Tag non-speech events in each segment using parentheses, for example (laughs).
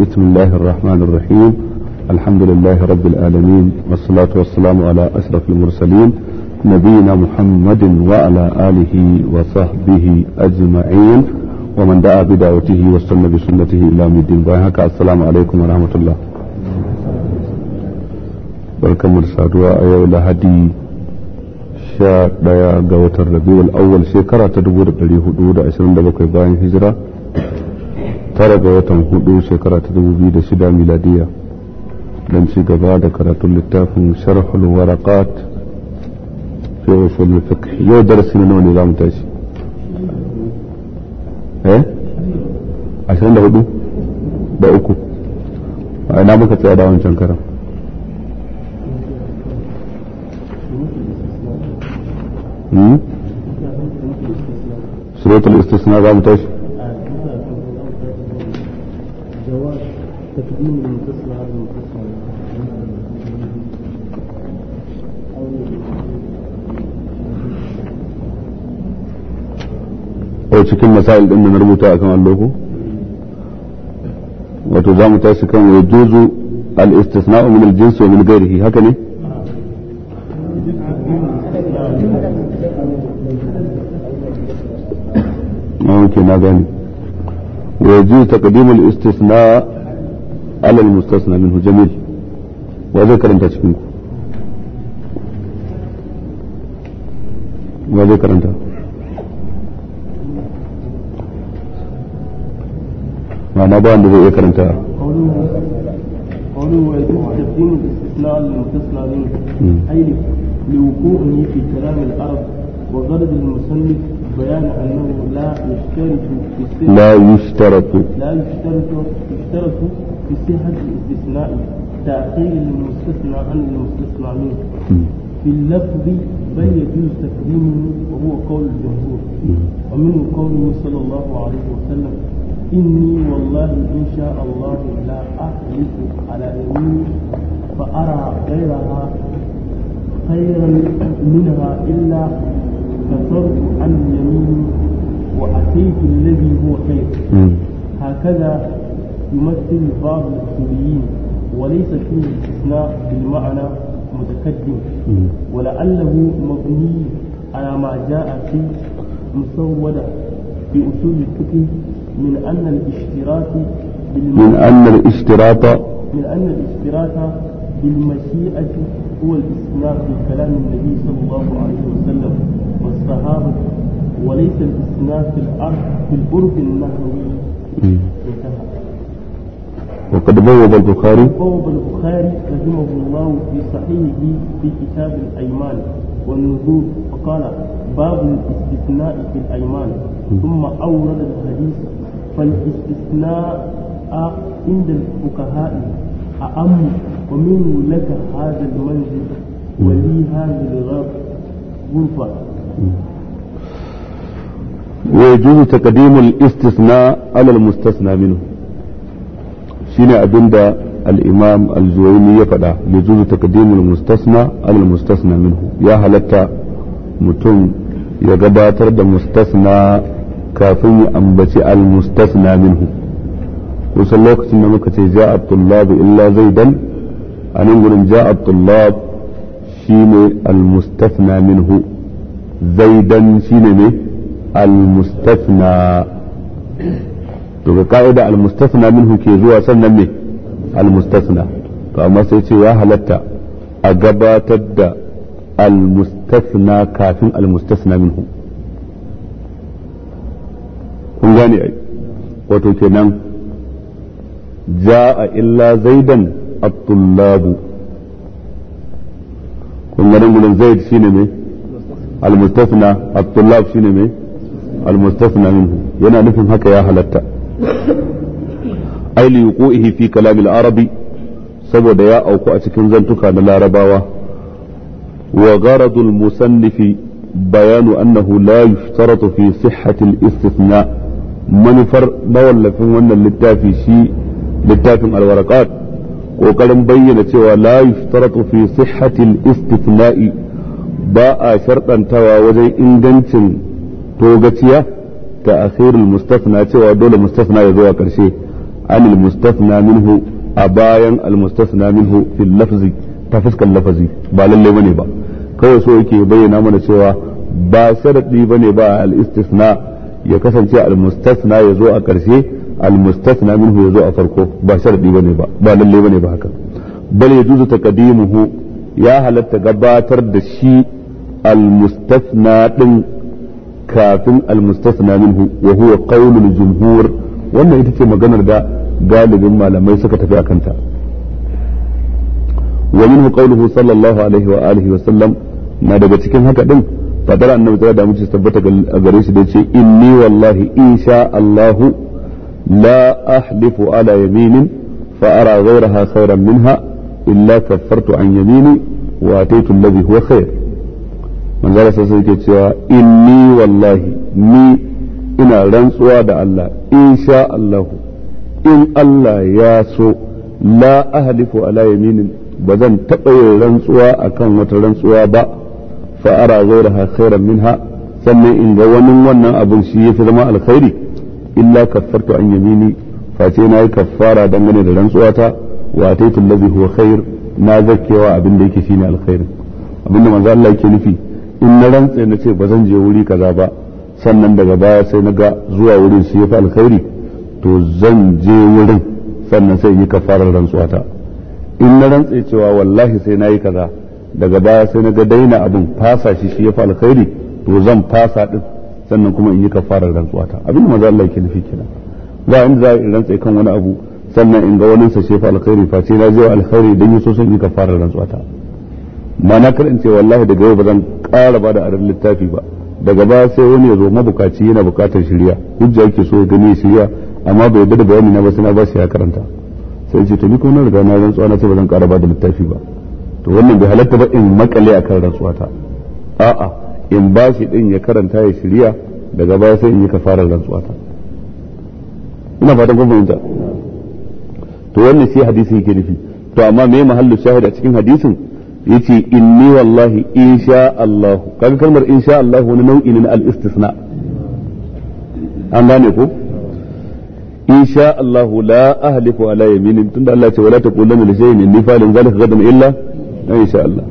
بسم الله الرحمن الرحيم الحمد لله رب العالمين والصلاة والسلام على أشرف المرسلين نبينا محمد وعلى آله وصحبه أجمعين ومن دعا بدعوته واستنى بسنته إلى مدين الدين السلام عليكم ورحمة الله barkan mu da saduwa a yau lahadi sha daya ga watan rabiul awwal shekara ta 1427 bayan tara ga watan hudu shekara ta dubu biyu da shida miladiya don ci gaba da karatun littafin sharhul waraqat fi usul fiqh yau darasi na nawa ne zamu tashi eh 24 da uku a ina muka tsaya da wancan karan شروط الاستثناء بعد تاشي cikin masail din da na rubuta akan alloko wato za mu tashi kan wa juzu al-istisna'u min al-jinsi wa min ghairihi haka ne اوكي ما بين ويجوز al-istisna على المستثنى منه جميل وذكر أنت تشبينكم وذكر أنت ما بان عنده ذكر أنت قوله قوله ويتحققون الاستثناء المستثنى منه أي لوقوعه في كلام العرب وغرض المسلم بيان أنه لا يشترط في لا يشترط لا يشترط يشترط في صحة الاستثناء تأخير المستثنى عن المستثنى منه في اللفظ بل يجوز تقديمه وهو قول الجمهور ومنه قوله صلى الله عليه وسلم إني والله إن شاء الله لا أحلف على يمين فأرى غيرها خيرا منها إلا كفرت عن يميني وأتيت الذي هو خير هكذا يمثل بعض الأصوليين وليس فيه استثناء بالمعنى متقدم ولعله مبني على ما جاء في مسودة في أصول الفقه من أن الاشتراك من أن الاشتراط من أن الاشتراط بالمشيئة هو الاستناد في كلام النبي صلى الله عليه وسلم والصحابة وليس الاستناد في الأرض في الأرض النحوي وقد بوب البخاري بوب البخاري رحمه الله في صحيحه في كتاب الأيمان والنذور فقال باب الاستثناء في الأيمان ثم أورد الحديث فالاستثناء عند الفقهاء أأم ومن لك هذا المنزل ولي هذه الغرفة ويجوز تقديم الاستثناء على المستثنى منه شين أبن الإمام الزويني يفعل يجوز تقديم المستثنى على المستثنى منه يا هلتا متم يقدر مستثنى كافي أنبتي المستثنى منه kusan lokacin da muka ce ja abdullabu illa zaidan a nan gurin ja abdullab shi ne almustafna minhu zaidan shi ne ne almustafna to ga ka'ida almustafna minhu ke zuwa sannan ne almustafna to amma sai ce ya halatta a gabatar da almustafna kafin almustafna minhu kun gane ai wato kenan ja'a illa zaidan at-tullabu kun ga dangulin zaid shine me al-mustasna at-tullab shine me al-mustasna minhu yana nufin haka ya halatta ay li yuquhi fi kalam al-arabi saboda ya auku a cikin zantuka na larabawa wa musannifi بيان أنه لا يشترط في صحة الاستثناء منفر دول ون اللتافي شيء littafin alwarakat kokarin bayyana cewa la yushtaratu fi sihhati al-istithna'i ba a sharɗantawa wajen ingancin togaciya ta akhirul mustafna cewa dole mustafna ya zuwa karshe anil mustafna minhu a bayan al mustafna minhu fil lafzi ta fuskar lafazi ba lalle bane ba kawai so yake bayyana mana cewa ba sharadi bane ba al istisna ya kasance al mustafna ya zo a karshe المستثنى منه يزوء فرقه با شرط بني با با للي بني با هكا بل يجوز تقديمه يا هل تقباتر دشي المستثنى دن كافن المستثنى منه وهو قول الجمهور wannan ita ce maganar da galibin malamai suka tafi a kanta wa minhu qawluhu sallallahu alaihi wa alihi wa sallam na daga cikin haka din fadar annabi da mutum tabbata gare shi da ce inni wallahi insha Allahu لا أحلف على يمين فأرى غيرها خيرا منها إلا كفرت عن يميني وأتيت الذي هو خير من قال سيكي إني والله ني إنا رنسوا دع الله إن شاء الله إن الله ياسو لا أهلف على يمين بذن تقوي رنسوا أكان وترنسوا با فأرى غيرها خيرا منها sannan in ga wani wannan abin shi ya fi zama alkhairi illa kaffartu an yamini face na yi kaffara dangane da rantsuwata wa ataitu allazi huwa khair na zakkewa abin da yake shine alkhair abin da manzo Allah yake nufi in na rantse na ce ba zan je wuri kaza ba sannan daga baya sai na ga zuwa wurin su yafi alkhairi to zan je wurin sannan sai yi kafarar rantsuwata in na rantse cewa wallahi sai na yi kaza daga baya sai na ga daina abin fasa shi shi yafi alkhairi to zan fasa din sannan kuma in yi kafarar ta abin da maza Allah yake nufi kenan ba inda za a in rantsa kan wani abu sannan in ga wani sa fa alkhairi face na je alkhairi dan yi so san yi kafarar rantsuwata ma na kar in ce wallahi daga yau ba zan ƙara ba da arin littafi ba daga ba sai wani ya zo mabukaci yana bukatar shirya hujja yake so ya gani shirya amma bai yarda da bayani na ba sai na ba shi ya karanta sai ce to ni ko na riga na rantsuwa na ce ba zan ƙara ba da littafi ba to wannan bai halatta ba in makale akan ta a'a in ba shi din ya karanta ya shirya daga baya sai in yi kafarar rantsuwa ta ina fatan kun fahimta to wannan shi hadisi yake nufi to amma me mahallu shahid a cikin hadisin yace inni wallahi insha Allah kaga kalmar insha Allah wani nau'i ne na al-istisna an gane ko insha Allah la ahliku ala yaminin tunda Allah ya ce wala taqulanna li shay'in inni fa'ilun dhalika gadan illa insha Allah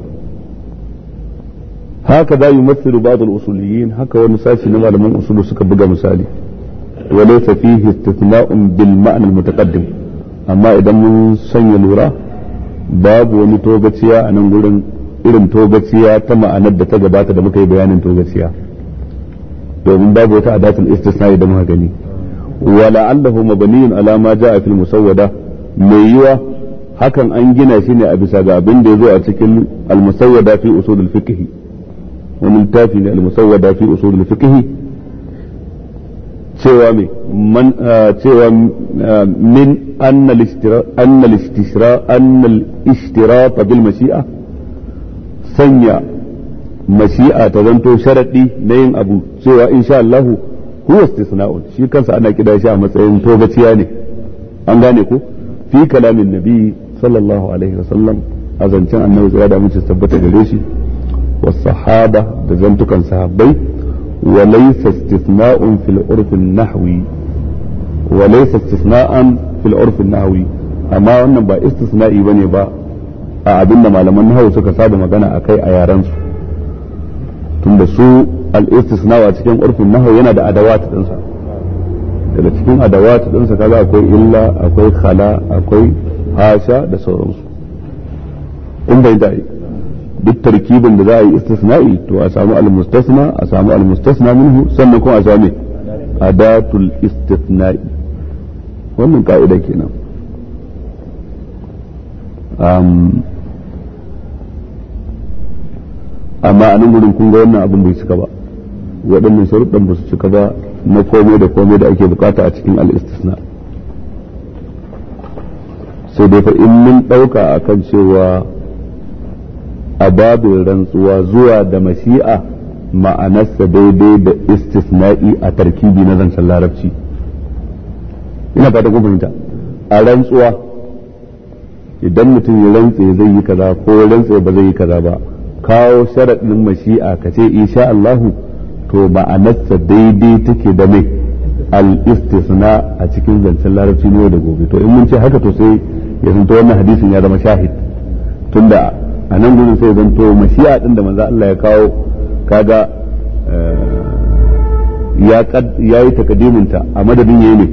haka za yi matsiru ba usuliyin haka wani sashi na malaman usulu suka buga misali wale fihi istithna'un bil ma'anar mutaqaddim amma idan mun sanya lura babu wani togaciya a nan gurin irin togaciya ta ma'anar da ta gabata da muka yi bayanin togaciya domin babu wata adatul istisna'i da mu hagani wala allahu mabaniyun alama ma ja'a fil musawwada mai yiwa hakan an gina shi ne a bisa ga abin da ya zo a cikin al musawwada fi usulul fiqh wani littafi ne al-musawwada fi usul al-fiqh cewa me man ah, cewa ah, min anna al-istira anna al mashi'a sanya mashi'a ta zanto sharadi na yin abu cewa insha Allah huwa istisna'un shi kansa ana kida shi a matsayin togaciya ne an gane ko fi kalamin nabi sallallahu alaihi wasallam a zancen annabi tsira da mutum tabbata gare shi والصحابة دزنتك صحابي وليس استثناء في العرف النحوي وليس استثناء في العرف النحوي أما أن با استثناء بني با أعدنا ما لمن نهو سكساد مغانا أكي أيارانسو تندسو الاستثناء واتكين عرف النحو ينادى أدوات الإنسان daga cikin adawat ɗinsa kaza akwai illa akwai khala akwai hasha da sauransu in bai da'i duk tarkibin da za a yi istisna'i to a samu al-mustasna a samu al-mustasna minhu sannan kuma a samu adatul istisna'i wannan ka'ida kenan um, amma a nan gudun kun ga wannan abin bai cika ba waɗannan sharuɗan ba su cika ba na komai da komai da ake bukata a cikin al-istisna sai dai fa in mun ɗauka akan cewa a babin rantsuwa zuwa da mashi'a ma'anarsa daidai da istisna'i a tarkibi na zancen larabci ina fata kun fahimta a rantsuwa idan mutum ya rantse zai yi kaza ko rantse ba zai yi kaza ba kawo sharaɗin mashi'a ka ce insha Allahu to ma'anarsa daidai take da mai al-istisna a cikin zancen larabci ne da gobe to in mun ce haka to sai ya zanto wannan hadisin ya zama shahid tunda a nan gudun sai zanto mashi'a din da manzo Allah ya kawo kaga eh, ya yi takadiminta a madadin yayi ne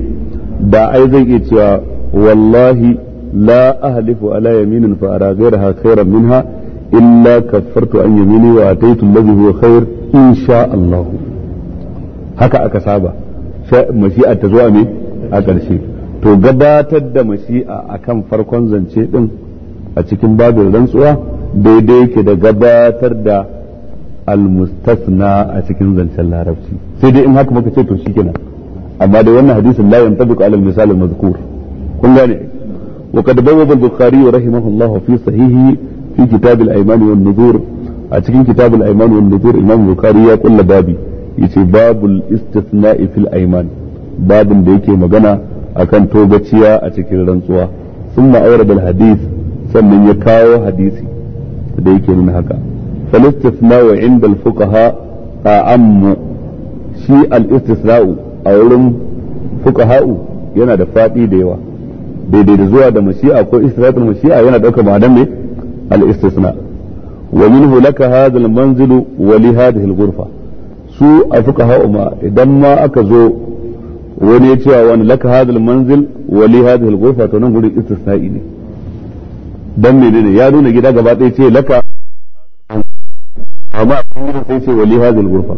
da ai zai iya cewa wallahi la ahlifu ala yaminin fa ara ghayraha khairan minha illa kaffartu an yamini wa ataitu alladhi huwa khair insha Allah haka aka saba mashi'a ta zuwa ne a ƙarshe to gabatar da mashi'a akan farkon zance din a cikin babin rantsuwa daidai yake da gabatar da almustasna a cikin zancen larabci sai dai in haka muka ce to kenan amma da wannan hadisin la yantabiqu ala almisal almadhkur kun gane wa kad bayyana al-bukhari rahimahullah fi sahihi fi kitab al wa an a cikin kitab al wa an imam bukari ya kulla babi yace babul istithna'i fil ayman babin da yake magana a kan togaciya a cikin rantsuwa sun ثم أورد sannan ya kawo حديثي da yake nuna haka falistisna wa inda alfuqaha a ammu shi al-istisna'u a wurin fuqaha'u yana da faɗi da yawa daidai da zuwa da mashi'a ko istiratul mashi'a yana ɗauka daukar dan ne al-istisna wa minhu laka hadha al-manzil wa li hadhihi al-ghurfa su a fuqaha'u ma idan ma aka zo wani ya cewa wani laka hadha al-manzil wa li hadhihi al-ghurfa to nan gurin istisna'i ne dan menene ya nuna gida gaba ɗaya ce laka amma a cikin sai ce wali hazil gurfa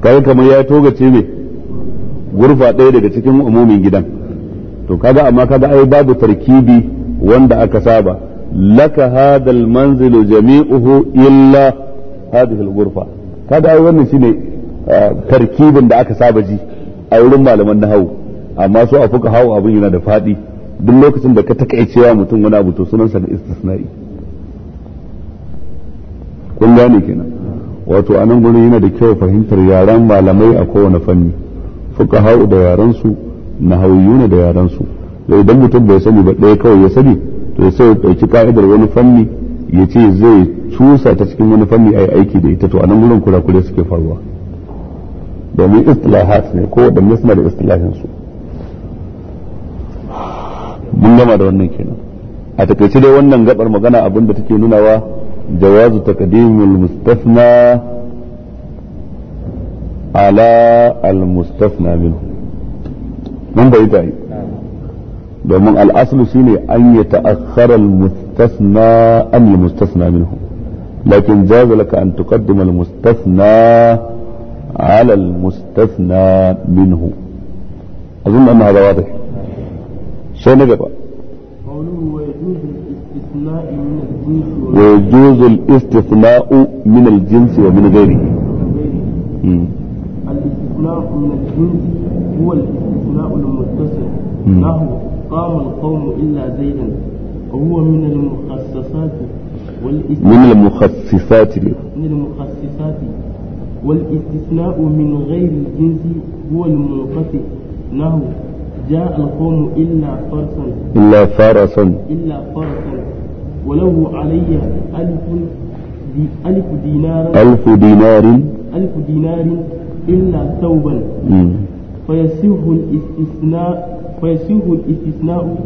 kai kamar ya toga ce me gurfa ɗaya daga cikin umumin gidan to kaga amma kaga ai babu tarkibi wanda aka saba laka hadal manzilu jami'uhu illa hadhihi al-ghurfa kaga ai wannan shine tarkibin da aka saba ji a wurin malaman nahawu amma su a fuka hawo abun yana da fadi duk lokacin da ka takaice wa mutum wani abu to sunansa da istisna'i kun gane kenan wato a nan gurin yana da kyau fahimtar yaran malamai a kowane fanni fuka hau da yaran su nahawiyuna da yaran su idan mutum bai sani ba ɗaya kawai ya sani to sai ya ɗauki ka'idar wani fanni ya ce zai cusa ta cikin wani fanni a yi aiki da ita to a nan gurin kurakure suke faruwa domin istilahat ne ko da suna da istilahin su mun gama da wannan kenan a takaice dai wannan gabar magana abin da take nunawa jawazu taqdimul mustafna ala al mustafna min mun bai dai domin domin al'aslu shine an ya ta'akhkhara al mustasna an al mustasna minhu lakin jaza laka an tuqaddima al mustasna ala al mustasna minhu azun أظن أنها ذواتك شيء نقرأ قوله ويجوز الاستثناء من الجنس ويجوز الاستثناء من الجنس ومن غيره الاستثناء من الجنس هو الاستثناء المتصل له قام القوم إلا زيدا وهو من المخصصات من المخصصات من المخصصات والاستثناء من غير الجنس هو المنقطع نحو جاء القوم إلا فرسا إلا فرسا إلا فرسا وله علي ألف دي ألف دينار ألف دينار ألف دينار إلا ثوبا فيسيه الاستثناء فيسيه الاستثناء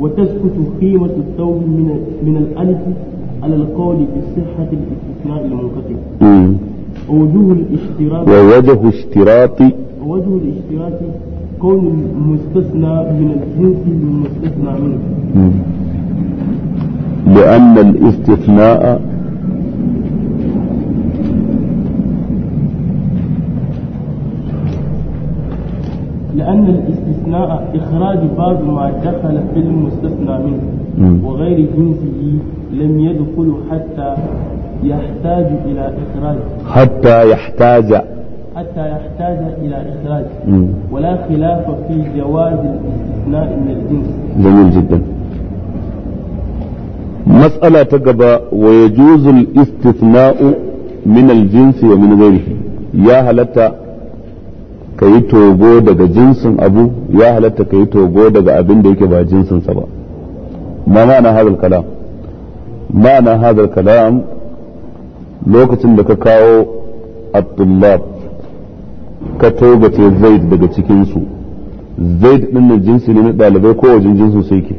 وتسكت قيمة الثوب من من الألف على القول بصحة الاستثناء المنقطع ووجه الاشتراط ووجه اشتراط ووجه الاشتراط كون المستثنى من الجنس المستثنى منه لأن الاستثناء لأن الاستثناء إخراج بعض ما دخل في المستثنى منه وغير جنسه لم يدخل حتى يحتاج إلى إخراجه حتى يحتاج حتى يحتاج إلى إخراج ولا خلاف في جواز الاستثناء من الجنس جميل جدا مسألة تقبى ويجوز الاستثناء من الجنس ومن غيره يا هلتا ka yi togo daga jinsin abu ya halatta ka yi togo daga abin da yake ba jinsinsa ba ma ma'ana hadal kalam ma'ana hadal kalam lokacin da ka kawo abdullab. ka ce zaid daga cikinsu zaid din nan jinsi ne na ɗalibai ko wajen jinsu sai ke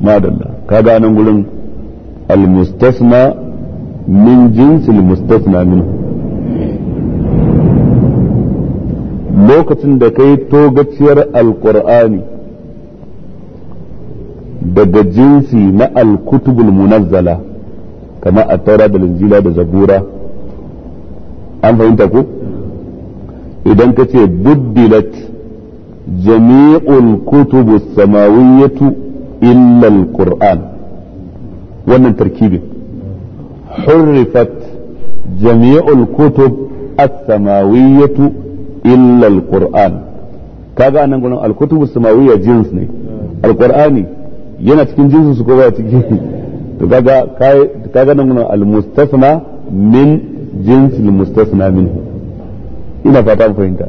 madalla kaga nan gurin almustasna min jinsi almustasna min lokacin da kai togaciyar alqur'ani daga jinsi na alkutubul munazzala kamar a taura da linjila da zabura an fahimta ko idan ka ce buddilat jami'ul kutubu samawiyatu illa alquran wannan tarkibin hurrifat jami'ul kutub as-samawiyatu illa alquran kaga nan gurin alkutubu samawiyya jins ne alqur'ani yana cikin jinsu su ko ba cikin to kaga kaga nan gurin almustasna min jins al-mustasna minhu ina fata an fahimta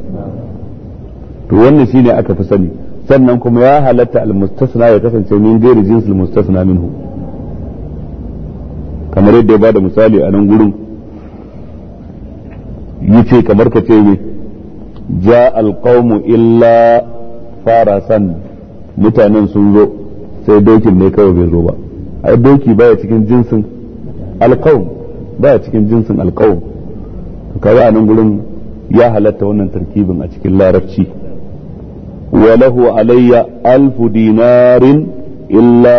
to wannan shine aka fi sani sannan kuma ya halatta almustasna ya kasance min gairi jinsul mustasna minhu kamar yadda ya bada misali a nan gurin yace kamar ka ce ne ja alqaumu illa farasan mutanen sun zo sai dokin ne kawai bai zo ba ai doki baya cikin jinsin alqaum baya cikin jinsin alqaum kaga a nan gurin يا هلا تونا تركيب ما لا رفشي وله علي ألف دينار إلا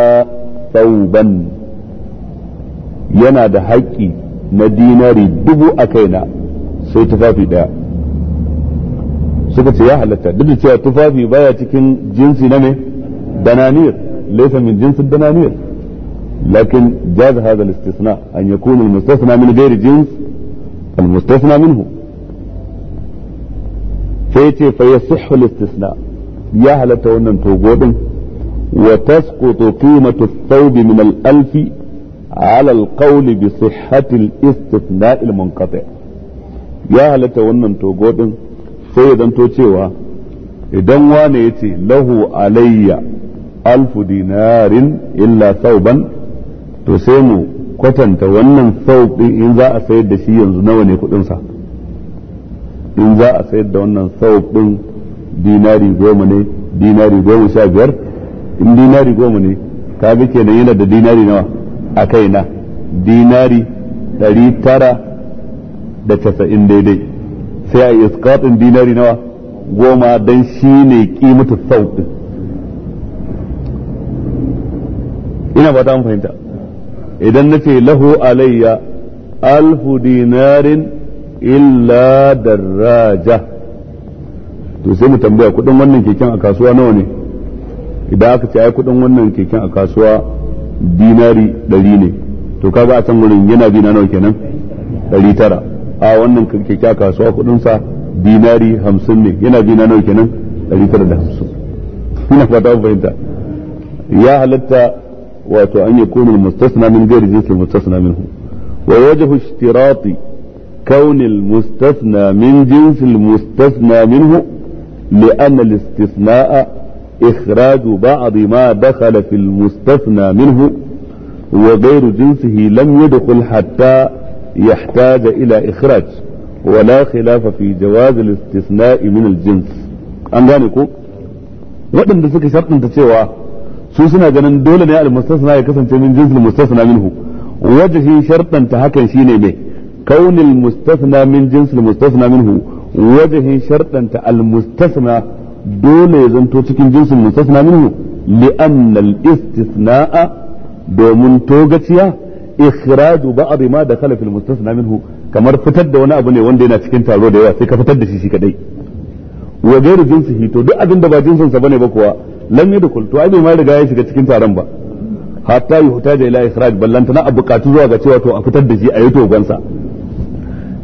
ثوبا ينا ده هكي نديناري دبو أكينا سيتفافي ده سكت يا هل تا دلتي تفافي بايا تكن جنسي نمي دنانير ليس من جنس الدنانير لكن جاز هذا الاستثناء أن يكون المستثنى من غير جنس المستثنى منه sai yace fa yasihhu istisna ya halatta wannan togo din wa tasqutu qimatu ath-thawb min al-alf ala al-qawl bi sihhati al-istithna' al-munqati' ya halatta wannan togo din sai ya zanto cewa idan wane yace lahu alayya alfu dinarin illa ban to sai mu kwatanta wannan sauɓi in za a sayar da shi yanzu nawa ne kuɗinsa in za a sayar da wannan sawab dinari goma ne dinari goma sha biyar in dinari goma ne ka bi kenan yana da dinari nawa a kai na dinari ɗari tara da casa'in daidai sai a iskatin dinari nawa goma don shi ne ƙimata sau ina ba ta fahimta idan na ce lahu alayya alfu dinarin illa daraja to sai mu tambaya kudin wannan keken a kasuwa nawa ne idan aka ce ai kudin wannan keken a kasuwa dinari ɗari ne to kaga a can wurin yana bina nawa kenan ɗari tara a wannan keke a kasuwa sa dinari hamsin ne yana bina nawa kenan ɗari tara da hamsin ina fata fahimta ya halatta wato an yakunu mustasna min ghairi jinsi mustasna minhu wa wajhu ishtirati كون المستثنى من جنس المستثنى منه لأن الاستثناء إخراج بعض ما دخل في المستثنى منه وغير جنسه لم يدخل حتى يحتاج إلى إخراج ولا خلاف في جواز الاستثناء من الجنس أن ذلك ko waɗanda شرطاً sharɗanta سوسنا su suna ganin dole ne al-mustasna ya kasance min jinsil mustasna minhu wajhi hakan shine كون المستثنى من جنس المستثنى منه وجه شرطا المستثنى دول يزنتو cikin جنس المستثنى منه لأن الاستثناء domin togaciya ikhraju ba'd ma dakhala fil mustasna minhu kamar fitar da wani abu ne wanda yana cikin taro da yawa sai ka fitar da shi shi kadai wa gairu jinsihi to duk abin da ba jinsin sa bane ba kuwa lam da to a bai ma riga ya shiga cikin taron ba hatta yuhtaja ila ikhraj ballantana a zuwa ga cewa to a fitar da shi a yi togon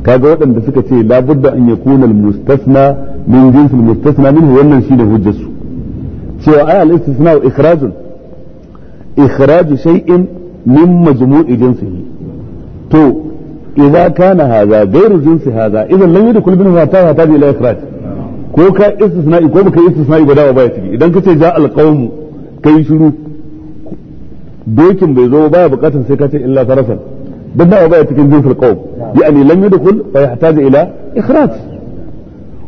kaga waɗanda suka ce labudda an yakuna almustasna min jins almustasna minhu wannan shine hujjar su cewa ay al-istisna wa ikhrajun ikhraju shay'in min majmu'i jinsihi to idza kana hadha ghayru jinsi hadha idan lam yadkhul minhu hatta hatta ila ikhraj ko ka istisna'i ko baka istisna'i guda ba ya ciki idan kace ja al-qawm kai shiru dokin bai zo ba ya bukatar sai ka ce illa farasan بدأ وبقى تكنزين في القوم نعم. يعني لم يدخل فيحتاج إلى إخراج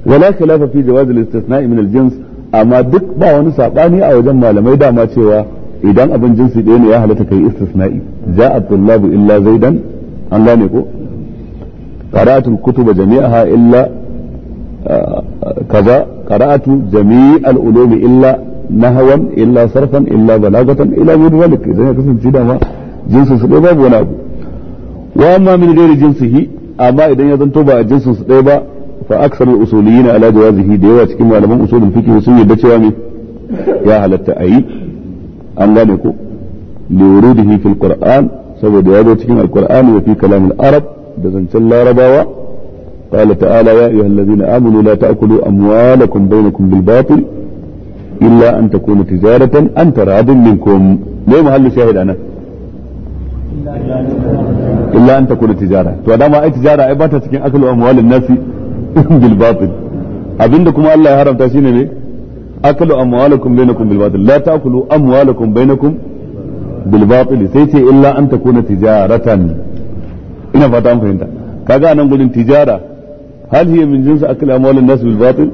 ولا خلاف في جواز الاستثناء من الجنس أما دك باو باني أو جمع لما يدع ما شوى إذا أبن جنسي دين يا أهل تكي استثنائي جاء الطلاب إلا زيدا أن لا نكو قرأت الكتب جميعها إلا آه، كذا قرأت جميع العلوم إلا نهوا إلا صرفا إلا بلاغة إلا غير ذلك إذا كنت جدا جنس سبب ونابو wa amma min ghairi hi? amma idan ya zanto ba a jinsin su ɗaya ba fa aksarul usuliyin ala jawazihi da yawa cikin malaman usulul fiqh sun yadda cewa me ya halatta ayi an gane ko li wurudihi fil qur'an saboda ya zo cikin alkur'ani wa fi kalam arab da zancen larabawa قال تعالى يا أيها الذين آمنوا لا تأكلوا أموالكم بينكم بالباطل إلا أن تكون تجارة أن تراض منكم ليه محل شاهد أنا illa an takuna tijara to dama ai tijara ai bata cikin akalu amwalin nasi (laughs) bil batil abinda kuma Allah ya haramta shine ne akalu amwalakum bainakum bil batil la taakulu amwalakum bainakum bil batil sai ce illa an takuna tijaratan ina fata an fahimta kaga nan gudun tijara hal hiya min jinsi akalu amwalin nasi bil batil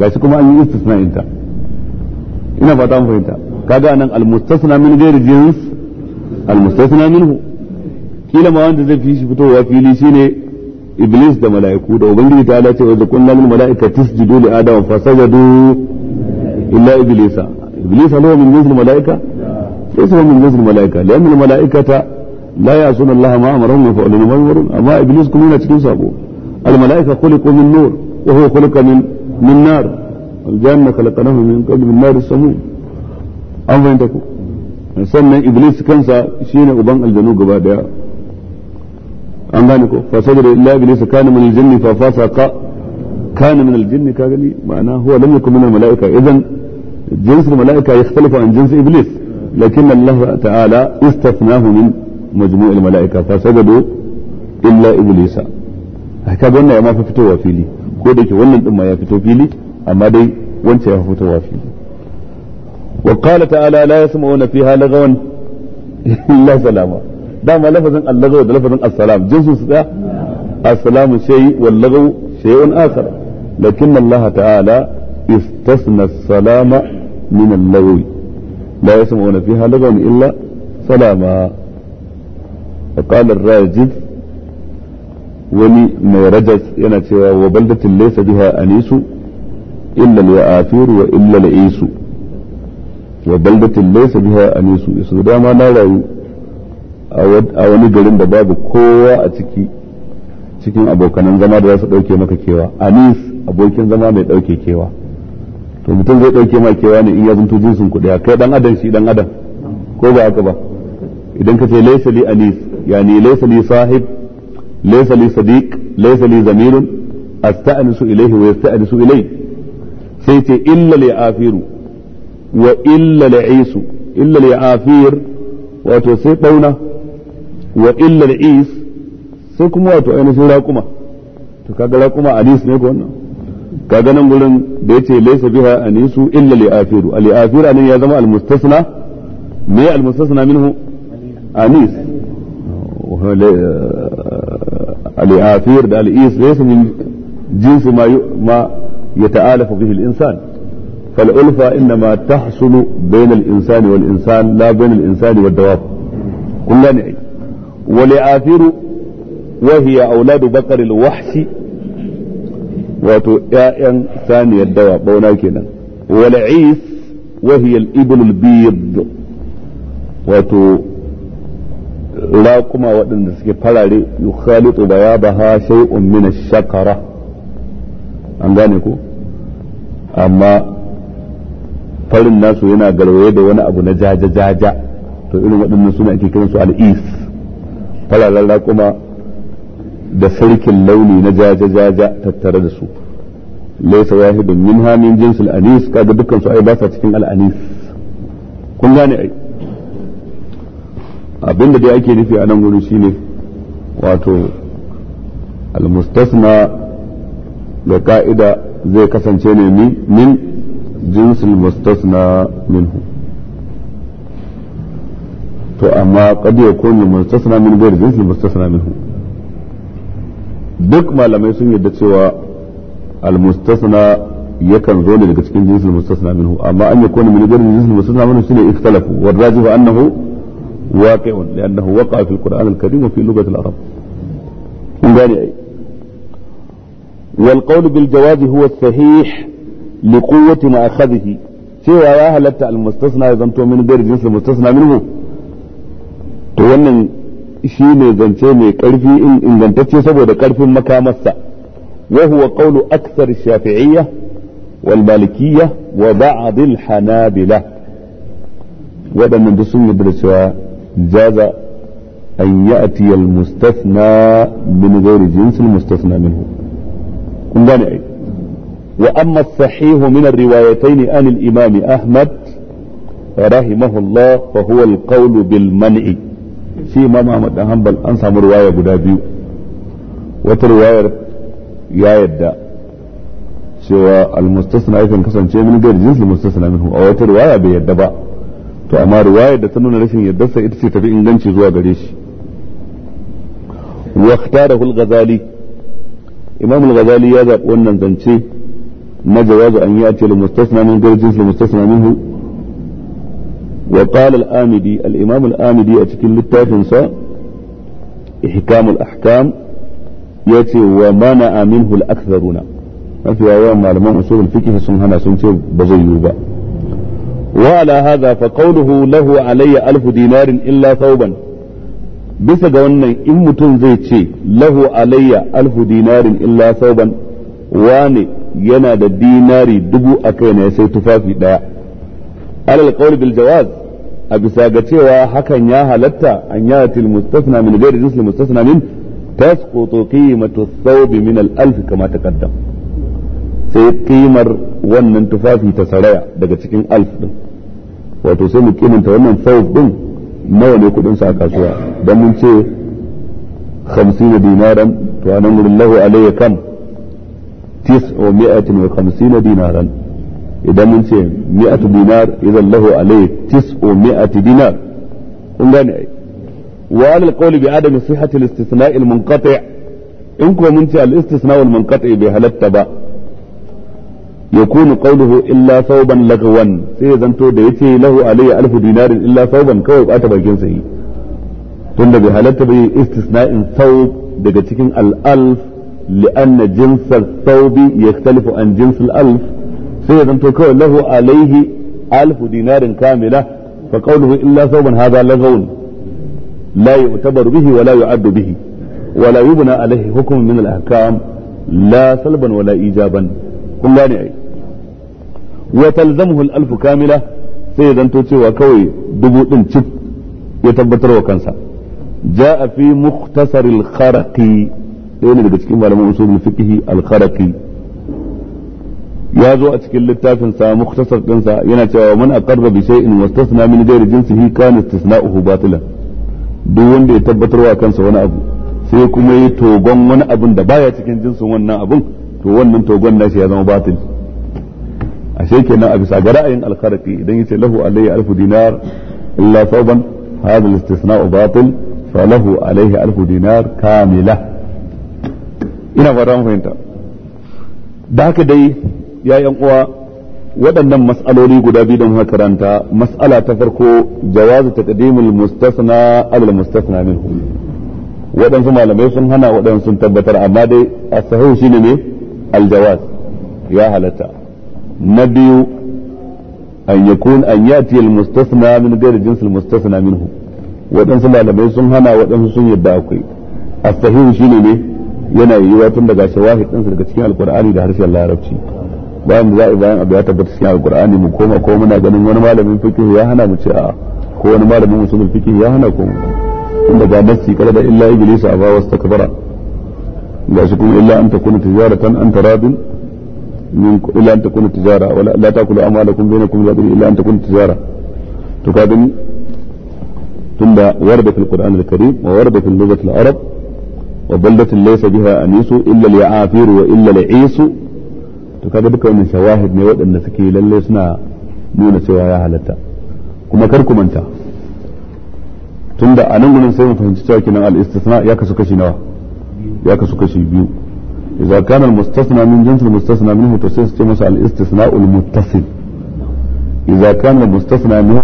gashi kuma an yi istisna inta ina fata an fahimta kaga nan al mustasna min ghairi jins al mustasna minhu kila ma wanda zai fi shi fitowa fili shine iblis da mala'iku da ubangiji ta lace wa zakunna lil mala'ika tasjudu li adama fasajadu illa iblisa iblisa lahu min jinsil mala'ika laysa min jinsil mala'ika lian al mala'ikata la ya'suna allaha ma amarahum wa yaf'aluna ma yu'marun amma iblis kuma yana cikin sabo al mala'ika khuliqu min nur wa huwa khuliqa min min nar al janna khalaqnahu min qabl min nar samum an bayyana ku sannan iblis kansa shine uban aljanu gaba daya an gane ko fa sajada illa iblis kana min al-jinn fa fasaqa kana min al-jinn ka gani ma'ana huwa lam yakun min al-mala'ika idan jins al-mala'ika yakhtalifu an jins iblis lakin Allah ta'ala istathnahu min majmu' al-mala'ika fa sajadu illa iblis haka ga wannan ya ma fi fitowa fili ko da yake wannan din ma ya fito fili amma dai wancan ya fitowa fili wa qala ta'ala la yasma'una fiha lagawan illa salama دام لفظا اللغو لفظا السلام جنس ذا السلام شيء واللغو شيء آخر لكن الله تعالى استثنى السلام من اللغو لا يسمعون فيها لغو إلا سلاما وقال الراجد وني مي رجس وبلدة ليس بها أنيس إلا الوآثير وإلا العيس وبلدة ليس بها أنيس يسود ما لا رأيه a wani garin da babu kowa a ciki cikin abokanan zama da za su ɗauke maka kewa anis abokin zama mai ɗauke kewa to mutum zai ɗauke maka kewa ne in ya zunto jinsin kuɗi kai dan adam shi ɗan adam ko ba haka ba idan ka ce laisa li anis yani laisa li sahib laisa li sadiq laisa li zamirun asta'nisu ilayhi wa yasta'nisu ilayhi sai ce illa li afiru wa illa li isu illa li afir wato sai dauna wa illa al-is sai kuma wato ainihin raquma to kaga raquma anis ne ko wannan kaga nan gurin da yace laysa biha anisu illa li'afiru al-afiru anan ya zama al-mustasna me al-mustasna minhu anis al-afir da al-is laysa min jinsi ma ma yata'alafu bihi al-insan فالألفة إنما تحصل بين الإنسان والإنسان لا بين الإنسان والدواب كلنا ولآثر وهي أولاد بقر الوحش wato ‘ya'yan saniyar dawa bauna kenan wal'is wahiyar ibnul biyid wato raƙuma waɗanda suke farare yukhalitu da ya baha shay'un min shakara an gane ko amma farin nasu yana garwaye da wani abu na jaja-jaja to irin waɗannan suna ake kiransu al'is fararen raƙuma da sarkin launi na jaja-jaja tattare da su laisa wahidun min hamin jinsul al'anis kaga dukkan su ai ba sa cikin al'anis kun gane ai da dai ake nufi a nan wurin shine wato almustasna da ka'ida zai kasance ne min jinsul mustasna minhu to amma qad yakun al-mustasna min ghairi jinsi mustasna minhu duk malamai sun yadda cewa al-mustasna yakan zo ne daga cikin jinsi mustasna minhu amma an yakun min ghairi jinsi mustasna minhu shine ikhtalafu wal rajih annahu واقع لأنه وقع في القرآن الكريم وفي لغة العرب يعني والقول بالجواز هو الصحيح لقوة أخذه سوى أهلت المستثنى إذا أنتم من غير جنس المستثنى منه to wannan shi ne zance mai karfi in ingantacce saboda karfin makamarsa wa huwa qawlu akthar shafi'iyya wal malikiyya wa ba'd al hanabila wadannan da sun yarda cewa jaza an ya'ti al mustathna min ghairi jins al mustathna minhu kun gane ai wa amma as-sahih min al riwayatayn an al imam ahmad rahimahullah fa huwa al qawlu bil man'i shi imam ahmad dan hanbal an samu ruwaya guda biyu wata ruwayar ya yadda cewa almustasna yakan kasance min gairi jinsi mustasna minhu a wata ruwaya bai yadda ba to amma ruwayar da ta nuna rashin yaddarsa ita ce tafi inganci zuwa gare shi da واختاره الغزالي إمام الغزالي يذهب أن زنشي ما جواز أن يأتي المستثنى من غير جنس المستثنى منه وقال الآمدي الإمام الآمدي أتكلم للتافنسا إحكام الأحكام يأتي ومنع منه الأكثرون ما في أيام معلمان أصول الفقه سنهنا سنتي بزيوبا وعلى هذا فقوله له علي ألف دينار إلا ثوبا bisa ga wannan in mutum zai ce lahu alayya alfu dinarin illa sauban wane yana da dinari dubu a kaina sai tufafi daya alal qawl bil jawaz a bisa ga cewa hakan ya halatta an yati al mustasna min ghairi jinsi al mustasna min tasqutu qimatu min al alf kama taqaddam sai qimar wannan tufafi ta saraya daga cikin alf din wato sai mu kimanta wannan thawb ɗin nawa ne kuɗin sa a kasuwa dan mun ce 50 dinaran to lahu alayya kam 950 dinaran idan mun ce mi'atu dinar idan lahu alayhi tis'u mi'ati dinar kun gane ai wa ala alqawli bi adami sihhati al-istisna' al-munqati' in ko mun ce al-istisna' al-munqati' bai halatta ba يكون قوله إلا ثوبا لغوا سيزنتو da yace lahu alayhi alf dinar illa thawban kawai bata bakin sa yi tunda bai halatta bai istisna'in thawb daga cikin al-alf لأن جنس الثوب يختلف عن جنس الألف sai ya zanto kawai lahu alaihi alfu dinarin kamila fa qawluhu illa sawban hadha lagawun la yu'tabaru bihi wa la yu'addu bihi wa la yubna alaihi hukm min al-ahkam la salban wa la ijaban kun gane ai wa talzamuhu al-alfu kamila sai ya zanto cewa kawai dubu din cif ya tabbatar wa kansa جاء fi مختصر الخرقي ɗaya ne daga cikin malaman usulul fiqh al-kharaqi ya zo a cikin littafin sa mukhtasar dinsa yana cewa man aqarra bi shay'in wastasna min ghairi jinsihi kana istisna'uhu batila. duk wanda ya tabbatarwa kansa wani abu sai kuma yi togon wani abun da baya cikin jinsin wannan abun to wannan togon nashi ya zama batil ashe kenan a bisa ga ra'ayin al-kharqi idan yace lahu alayya alfu dinar illa sawban hadha al-istisna'u batil falahu alayhi alfu dinar kamila ina fara fahimta da haka dai ya yan uwa waɗannan mas'aloli guda biyu don makaranta mas'ala ta farko jawazu taqdimul mustasna alal mustasna minhu waɗansu malamai sun hana waɗansu sun tabbatar amma dai a sahihu shine ne aljawaz ya halatta na biyu an yakun an yati almustasna min ghairi jinsil mustasna minhu waɗansu malamai sun hana waɗansu sun yadda akwai a sahihu shine ne yana yiwuwa tun daga shawahid ɗinsa daga cikin alkur'ani da harshen larabci bayan da za a bayan abu ya tabbata cikin alkur'ani mu koma ko muna ganin wani malamin fikihu ya hana mu cewa ko wani malamin usulul fikihu ya hana ko mu inda ga nasi kada da illa iblis a ba ga shi kuma illa an takuna tijara tan an tarabin min illa an takuna tijara wala la takulu amalakum bainakum bil illa an takuna tijara to kadin tunda warda fil qur'an al-karim wa warda fil lughati al-arab وبلدة biha anisu illa إلا wa illa العيس to kaga duka wannan shawahid ne waɗanda suke lalle suna nuna cewa ya halatta kuma kar ku manta tunda a nan gurin sai mu fahimci cewa kinan al-istisna ya kasu kashi nawa ya kasu kashi biyu idza kana al-mustasna min jins al-mustasna minhu to sai su ce masa al-istisna al-muttasil idza kana al-mustasna min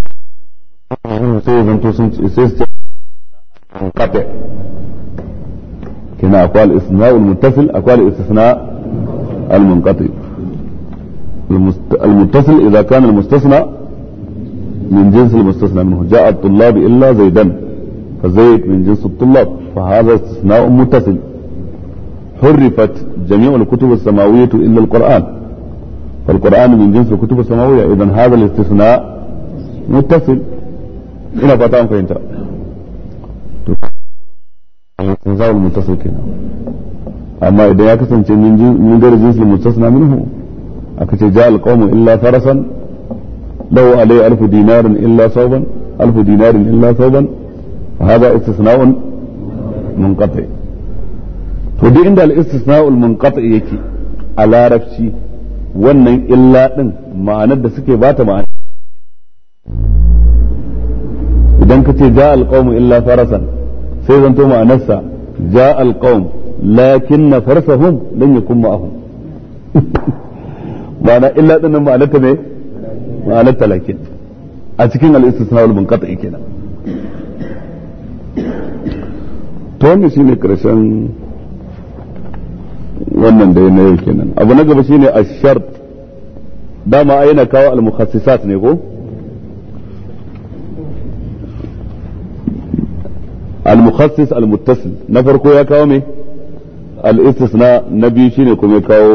sai zanto sun sai su ce qati كنا أقوال الاستثناء المتصل أقوال الاستثناء المنقطع المتصل إذا كان المستثنى من جنس المستثنى منه جاء الطلاب إلا زيدا فزيد من جنس الطلاب فهذا استثناء متصل حرفت جميع الكتب السماوية إلا القرآن فالقرآن من جنس الكتب السماوية إذا هذا الاستثناء متصل إلى فتاة فهمت الاستثناء المتصل كنا أما إذا كان من غير جنس المستثنى منه aka ce ja alqawmu illa farasan law alai alfu dinarin illa sauban alfu dinarin illa sauban haza istisna'un mun munqati to duk inda al-istisna'ul munqati yake a larabci wannan illa ɗin ma'anar da suke bata ma'ana idan ka ce ja alqawmu illa farasan sai zanto ma'anarsa ja alqawm lakinna farsahum lan yakun ma'ahum (laughs) ma'ana illa din nan ma'anar ta me ma'anar talakin a cikin al-istisna wal munqati kenan to wannan shine karshen wannan da na yau kenan abu na gaba shine ash-shart dama ai yana kawo al-mukhassisat ne ko al-mukhassis na farko ya kawo me al-istisna na biyu shine kuma ya kawo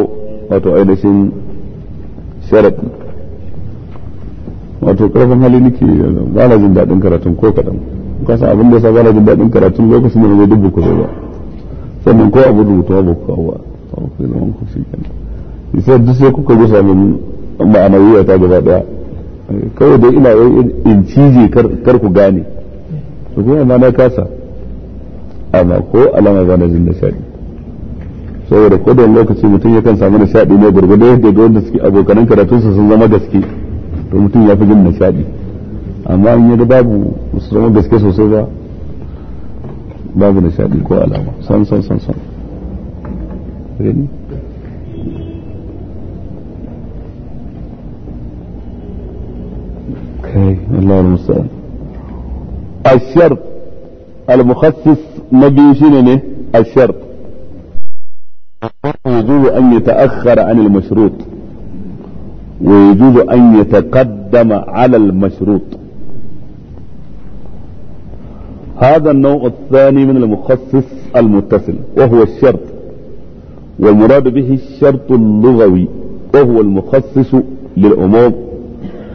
wato ainihin sharatan wato karfin hali nake ba na jin daɗin karatun ko kaɗan kasa abin da sa ba na jin daɗin karatun lokacin da zai dubu kusa ba sannan ko abu rubutu ba ku kawo ba ku zaman ku shi kenan isa duk sai kuka gusa min ma'anawiyya ta gaba daya kawai dai ina in cije kar ku gane su kuma ma na kasa amma ko alama ba na jin nishaɗi saboda ko da lokaci mutum yakan samu nishaɗi ne gurgurda yadda ga wanda suke abokanan su sun zama gaske to mutum ya fi jin nishaɗi amma in yadda babu su zama gaske sosai ba babu nishaɗi ko alama san san san san kai Allah al na biyu المخصص ne شنو الشرط يجوز أن يتأخر عن المشروط ويجوز أن يتقدم على المشروط هذا النوع الثاني من المخصص المتصل وهو الشرط والمراد به الشرط اللغوي وهو المخصص للأمور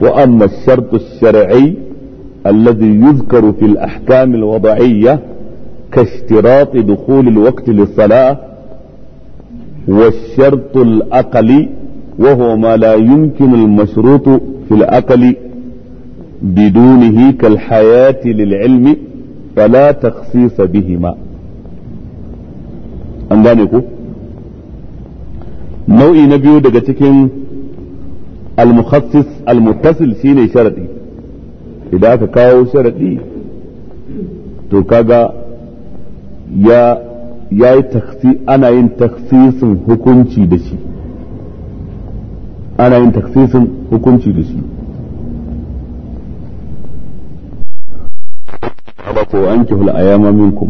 وأما الشرط الشرعي الذي يذكر في الأحكام الوضعية كاشتراط دخول الوقت للصلاة والشرط الأقل وهو ما لا يمكن المشروط في الأقل بدونه كالحياة للعلم فلا تخصيص بهما أنجانيكو نوعي نبيو دقتكين المخصص المتصل سين شرطي إذا كاو شرطي توكاغا يا ya yi ana yin taksisin hukunci da shi ana yin taksisin hukunci da shi ko an kihul ayama minkum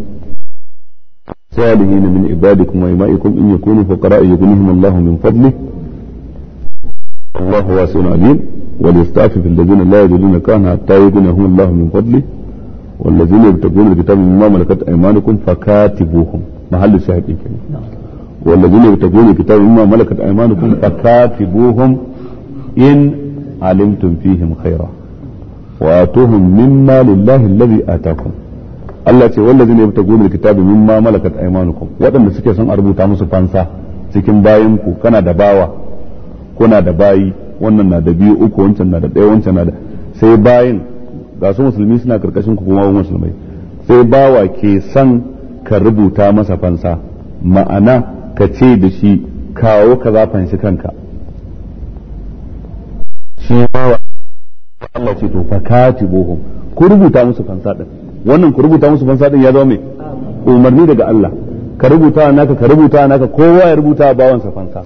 salihin min ibadikum wa imaikum in yakunu fuqara yughnihim Allah min fadli Allah wasi'un alim وليستعفف الذين لا la yajiduna kana يغنيهم Allah min fadli والذين يبتغون الكتاب مما ملكت أيمانكم فكاتبوهم mahallu shahidin kenan والذين يبتغون الكتاب مما ملكت ايمانكم فكاتبوهم ان علمتم فيهم خيرا واتوهم مما لله الذي اتاكم الله ce والذين ne الكتاب مما ملكت ايمانكم ma سكي سن اربوتا suke فانسا cikin bayan ku kana da bawa kuna da bayi wannan na da biyu uku wancan na da ɗaya wancan na da sai bayin ga su musulmi suna karkashin ku kuma musulmai sai bawa ke san ka rubuta masa fansa ma'ana ka ce da shi kawo ka za fanshi kanka shi ma Allah ce to fakati buhum ku rubuta musu fansa din wannan ku rubuta musu fansa din ya zama mai? umarni daga Allah ka rubuta naka ka rubuta naka kowa ya rubuta bawansa fansa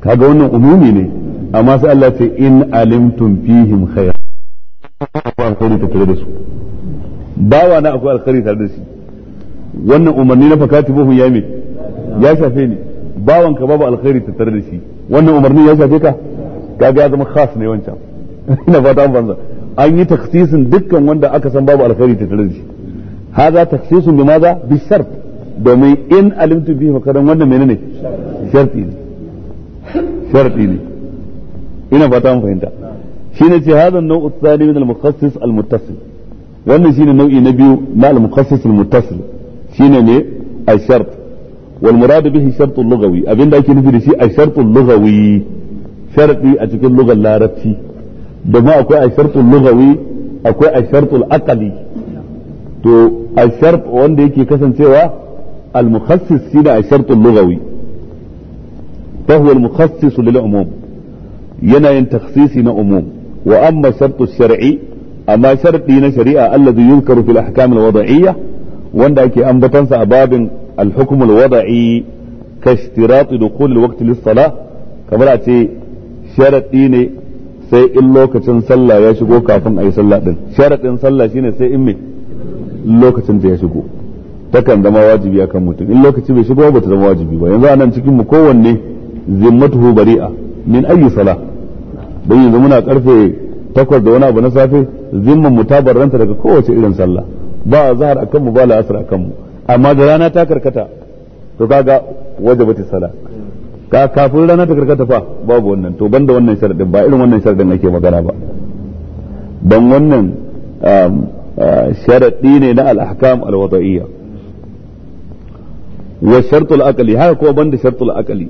kaga wannan umumi ne amma sai Allah ce in alimtum fihim khair akwai wa da su bawa na akwai alkhairi tare da shi wannan umarni na fakati bahu ya me ya shafe ni bawan ka babu alkhairi tattare da shi wannan umarni ya shafe ka kaga ya zama khas ne wancan (laughs) ina fata an banza an yi taksisin dukkan wanda aka san babu alkhairi tattare da shi haza taksisun bi maza bi shart domin in alimtu bihi makaran wannan menene sharti ne sharti ne ina fata an fahimta shine ce hadan nau'u tsani min al-mukhassis al-muttasil wannan shine nau'i na biyu na al-mukhassis al-muttasil shine ne ashart wal murad bihi shartul lughawi da ake nufi da shi ashartul lughawi sharadi a cikin lugar larabci domin akwai ashartul lughawi akwai ashartul aqli to ashart wanda yake kasancewa al mukhassis shine ashartul lughawi fa huwa al mukhassis lil umum yana yin takhsisi na umum wa amma shartu shar'i amma sharadi na shari'a alladhi yunkaru fil ahkam al wad'iyyah wanda ake ambatansa a babin al wadai ka ishtirat dukhul al-waqt lis-salah kamar a ce sharadi ne sai in lokacin sallah ya shigo kafin a yi sallah din sharadin sallah shine sai in me lokacin da ya shigo takan zama wajibi akan mutum in lokaci bai shigo ba ta zama wajibi ba yanzu anan cikin mu kowanne zimmatuhu bari'a min ayi sala don yanzu muna karfe takwas da wani abu na safe zimman mu ta daga kowace irin sallah ba a zahar a kanmu ba la'asar a kanmu amma da rana ta karkata to kaga waje bata sala ka kafin rana ta karkata fa babu wannan to banda wannan sharadin ba irin wannan sharadin ake magana ba dan wannan um, uh, sharadi ne na al-ahkam al wa shartu al haka kuma banda shartu al-aqli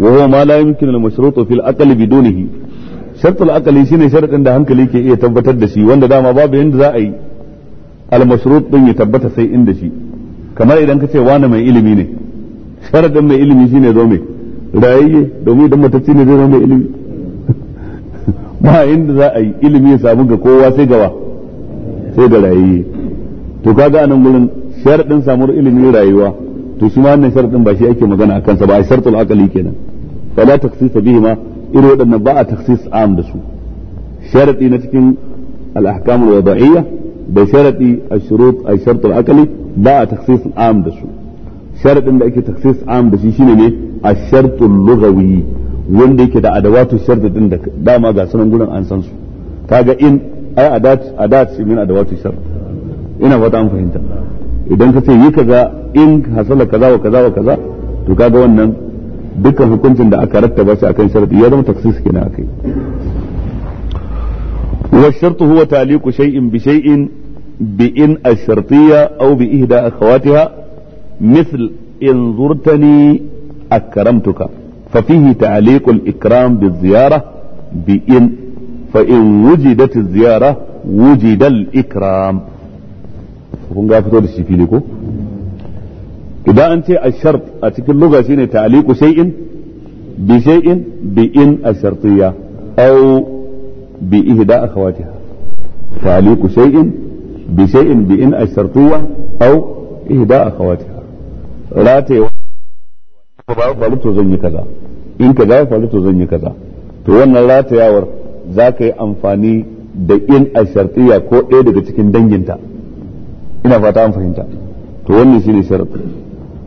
wa huwa ma la yumkinu al-mashrutu fil aqli bidunihi shartu al shine sharadin da hankali ke iya tabbatar da shi wanda dama babu yanda za a yi al-mashrut din ya tabbata sai inda shi kamar idan ka ce wani mai ilimi ne sharadin mai ilimi shine zo mai rayayye domin idan matacci ne zai zo mai ilimi (laughs) ba inda za a yi ilimi ya samu ga kowa sai gawa sai ga rayayye to kaga anan gurin sharadin samuwar ilimi rayuwa to shi ma wannan sharadin ba shi ake magana akan sa ba ai shartul aqli kenan fala taksisa bihi ma irin waɗannan ba a taksis am da su sharadi na cikin al-ahkamul wada'iyya da sharadi ashurut a al-aqli ba a taksis am da su sharadin da ake taksis am da shi shine ne a shartar lugawi wanda yake da adawatu sharta din da dama ga sanan gurin an san su kaga in ai adat adat shi min adawatu shart ina fata an fahimta idan ka ce yi kaza in hasala kaza wa kaza wa kaza to kaga wannan dukkan hukuncin da aka rattaba shi akan sharadi ya zama takhsis kenan akai والشرط هو تعليق شيء بشيء بإن الشرطية أو بإهداء أخواتها مثل إن زرتني أكرمتك ففيه تعليق الإكرام بالزيارة بإن فإن وجدت الزيارة وجد الإكرام إذا أنت الشرط da اللغة تعليق شيء بشيء بإن الشرطية أو bi ihda akhawatiha ta'liqu shay'in bi shay'in bi in ashartuwa aw ihda akhawatiha ratayewa ba ya to zan yi kaza in kaza ya faru to zan yi kaza to wannan za ka yi amfani da in a ko ɗaya daga cikin danginta ina fata an fahimta to wannan ne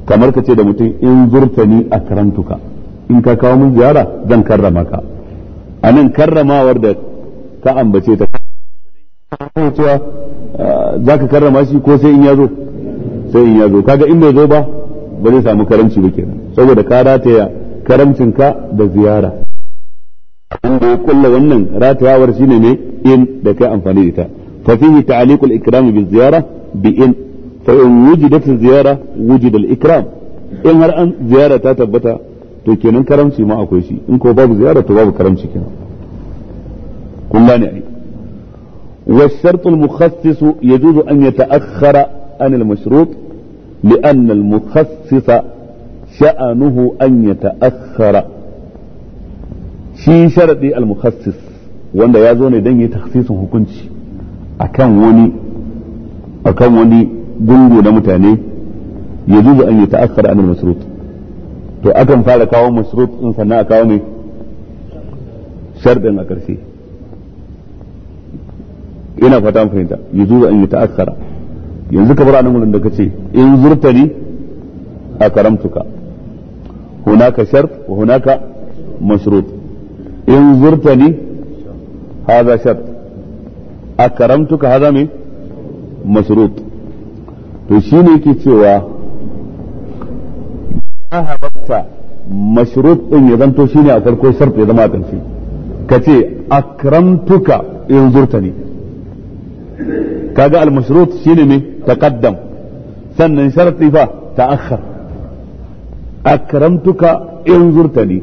kamar ka ce da mutum in zurta ni a karantuka in ka kawo mun ziyara zan karrama ka a nan karramawar da ka ambace ta cewa za ka karrama shi ko sai in ya zo sai in ya zo kaga in bai zo ba ba zai samu karamci ba kenan saboda ka rataya karamcinka da ziyara wanda ya kulla wannan ratayawar shine ne in da kai amfani da ita fa fihi ta'liqul ikram bi ziyara bi in fa in wujidat ziyara wujida al ikram in har an ziyara ta tabbata to kenan karamci ma akwai shi in ko babu ziyara to babu karamci kenan والله نعم. والشرط المخصص يجوز أن يتأخر عن المشروط لأن المخصص شأنه أن يتأخر شي شرط المخصص وأن يازون يدني تخصيص حكمتي أكم وني أكم وني قنقو نمتاني يجوز أن يتأخر عن المشروط تو أكم فعل كاو مشروط إنسان أكاومي شرط أكرسيه ina fata an fahimta yajuzu an ta'akkara yanzu ka bar anan da kace in zurtani akaramtuka hunaka shart wa hunaka mashrut in zurtani hadha shart akaramtuka hadha me mashrut to shine yake cewa ya habatta mashrut din ya zanto shine a farko shart ya zama a ƙarshe kace akramtuka in zurtani kaga al-mashrut shine ne taqaddam sannan sharti fa ta'akhkhar akramtuka in zurtani